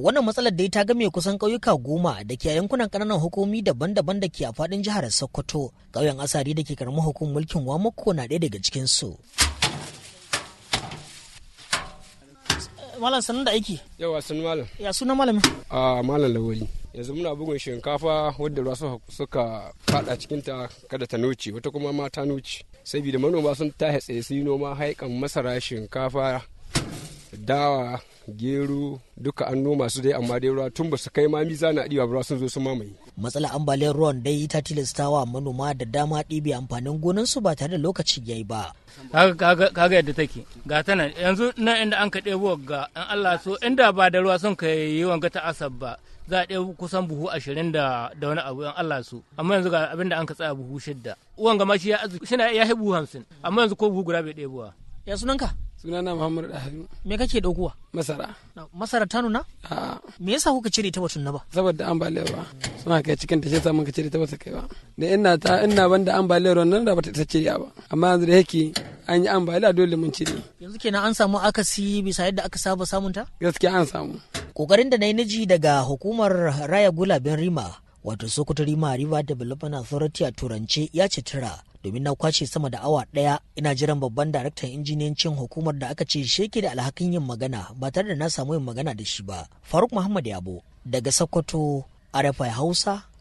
wannan matsalar dai ta game kusan ƙauyuka goma da ke yankunan ƙananan hukumi daban-daban da ke a faɗin jihar sokoto ƙauyen asari da ke karamar hukumar mulkin wamako na ɗaya daga cikinsu malam sanin da aiki yawa sun malam ya suna malam a malam lawali yanzu muna bugun shinkafa wadda ruwa suka fada cikinta kada ta noce wata kuma ma ta noce sabida manoma sun tahe tsaye su yi noma haikan masara shinkafa dawa gero duka an noma su dai amma dai ruwa tun ba su kai ma miza na ɗiba ba sun zo sun mamaye. matsalar ambaliyar ruwan dai ta tilastawa manoma da dama ɗibe amfanin su ba tare da lokaci ya yi ba. kaga yadda take ga ta yanzu nan inda an ka ɗebo ga an allah so inda ba da ruwa sun kai yi wanga ta asab ba za a ɗebo kusan buhu ashirin da wani abu in Allah so, amma yanzu ga abin da an ka tsaya buhu shidda uwan gama shi ya arziki shi ya buhu hamsin amma yanzu ko buhu guda bai ɗebowa ya sunanka sunana muhammadu dahiru me kake daukowa masara masara ta nuna a me yasa kuka cire ta batun na ba saboda ambaliyar ba suna kai cikin ta shi yasa mun ka cire ta bata kai ba da ina ta ina da ambaliyar nan da bata ta cire ba amma yanzu da yake an yi ambaliya dole mun cire yanzu kenan an samu akasi bisa yadda aka saba samun ta. gaskiya an samu kokarin da na yi naji daga hukumar raya gulabin rima wato Sokotari Mariva Development Authority a turance ya ce tura domin na kwashe sama da awa ɗaya ina jiran babban daraktan injiniyancin hukumar da aka ce sheke da alhakin yin magana ba tare da na samu yin magana da shi ba. Faruk Muhammad Yabo daga Sokoto, Arafai Hausa,